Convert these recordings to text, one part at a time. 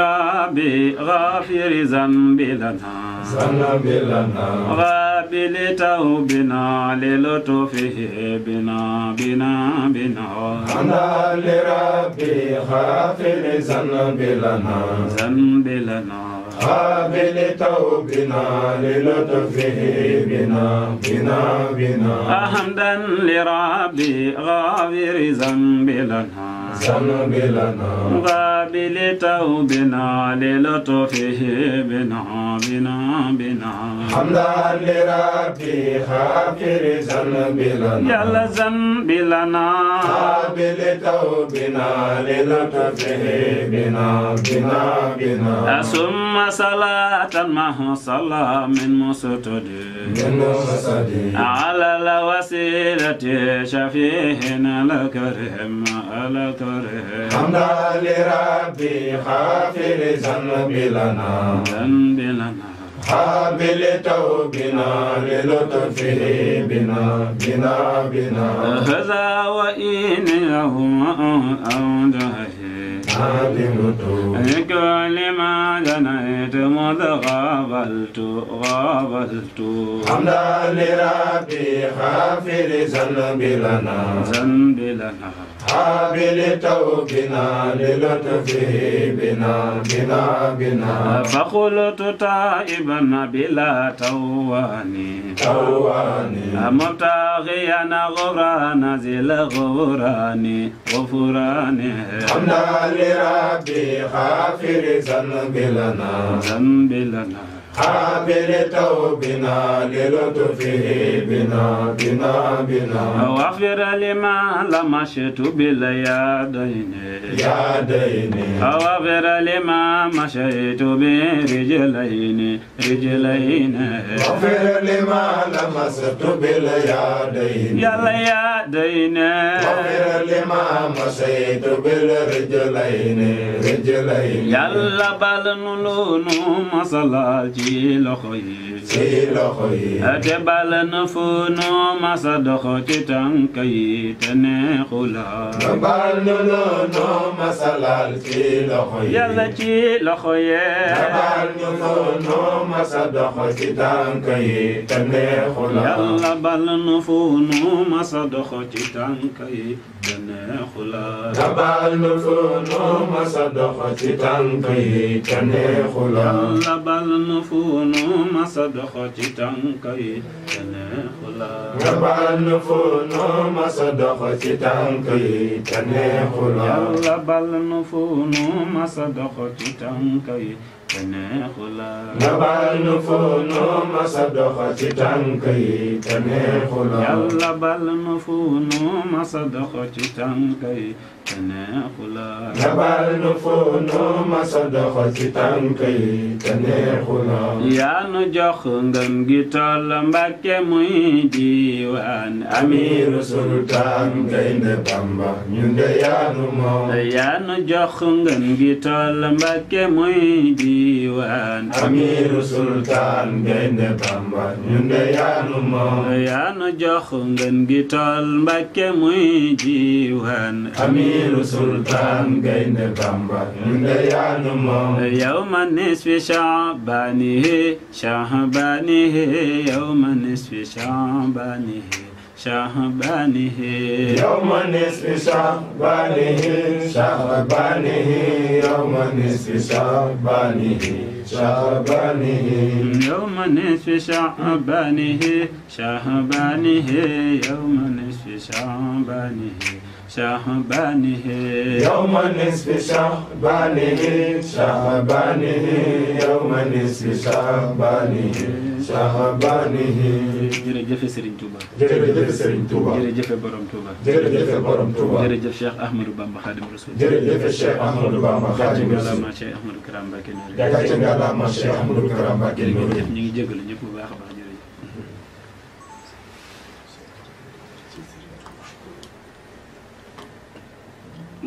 غافر ذنب لنا ذنب لنا غافل توبنا للطفه بنا بنا بنا أنا لربي غافر ذنب لنا ذنب لنا غافل توبنا للطفه بنا بنا بنا أحمدا لربي غافر ذنب لنا ذنب لنا قابل توب للطفه بنا بنا بنا حمدا لربي خافر ذنب لنا يا ذنب لنا قابل توبنا للطفه بنا بنا بنا ثم صلاة معه صلاة من مسجد من مسجد على الوسيلة شفيهنا لكرم لكرم حمدا لربي ربي غافر ذنب لنا ذنب توبنا للطفه بنا بنا بنا هذا وإن لهم أوده لكل لما جنيت مذ غابلت غابلت حمدا لربي غافر ذنب لنا ذنب لنا قابل توبنا للطفه بنا بنا بنا فقلت تائبا بلا تواني تواني مبتغيا غفران زل غفراني غفراني حمدا لربي غافر ذنب لنا ذنب لنا عابر توبنا للطفه بنا بنا بنا واغفر لما لمشت باليدين يدين واغفر لما مشيت برجلين رجلين واغفر لما لمست باليدين يدين واغفر لما مشيت بالرجلين رجلين يلا بل نلون مصلاتي ci loxo yi ci loxo yi te bal na fu nu masa dox ci tànk yi te neexu la te bal na nu masa laal ci loxo yi yàlla ci loxo yee soo noo masa dox ci tànk yi te neexu la yàlla bal nu fu nu masa dox ci tànk yi te neexu la ta bal nu fu nu masa dox ci tànk yi te neexu la yàlla bal nu fu nu masa dox ci tànk yi te neexu la ta bal nu fu nu masa dox ci tànk yi te neexu la yàlla bal nu fu nu masa dox ci tànk yi nga baal nu fu nu masa doxa ci tànk yi te neexu la yàlla baal nu fu nu masa doxa ci tànk yi tabaal foo noo ma sa dox yaa nu jox ngëm gi toll mbàkke muy diiwaan. amiru sultaan gaynde bamba ñun de yaa nu moom. yaa nu jox ngëm gi toll mbàkke muy diiwaan. Amiru Sultan Gaynde Bamba Ñunda yaanu moom yawma nisfi shaabanihi shaabanihi yawma nisfi shaabanihi شعبانه يوم نصف شعبانه شعبانه يوم نصف شعبانه شعبانه يوم نصف شعبانه شعبانه يوم نصف شعبانه شعبانه يوم نصف شعبانه شعبانه يوم نصف شعبانه sahabanihi jërëjëfe Serigne Touba jërëjëfe Serigne Touba jërëjëfe Borom Touba jërëjëfe Borom Touba jërëjëf Cheikh Ahmadou Bamba Khadim Rasoul jërëjëfe Cheikh Ahmadou Bamba Khadim Rasoul gàcce ngalaama Cheikh Ahmadou Karam Mbacké Noreyni gàcce ngalaama Cheikh Ahmadou Karam Mbacké Noreyni jërëjëf ñu ngi jégalu ñëpp bu baax a baax jërëjëf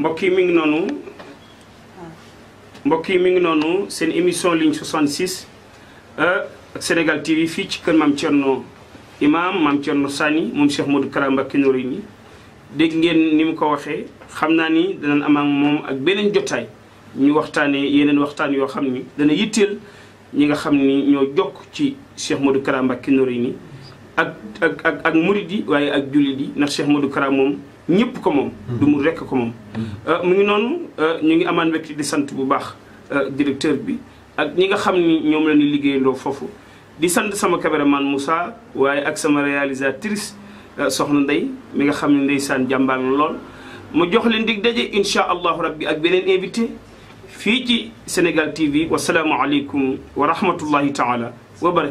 mbokk yi mi ngi noonu mbokk yi mi ngi noonu seen émission ligne 66 Sénégal TV fii ci kër maam Thierno Imaam maam Thierno sànni moom Cheikh Modou Kara Mbacké Noreyni dégg ngeen ni mu ko waxee xam naa ni dana am ak moom ak beneen jotaay ñu waxtaanee yeneen waxtaan yoo xam ni dana yitteel ñi nga xam ni ñoo jokk ci Cheikh Modou Kara Mbacké Noreyni ak ak ak ak murid waaye ak jullit yi ndax Cheikh Modou Kara moom ñëpp ko moom. Hmm. du mu rekk ko moom. Hmm. Euh, mu ngi noonu euh, ñu ngi amaan mbégte di sant bu baax euh, directeur bi ak ñi nga xam ni ñoom la ñu liggéeyandoo foofu. di sant sama cameraman Moussa waaye ak sama réalisatrice euh, soxna Ndey mi nga xam ne ndeysaan jàmbaar na lool mu jox leen dig daje incha allahu rabbi ak beneen invité fii ci Sénégal TV wasalaamualeykum wa rahmatullahi taala wa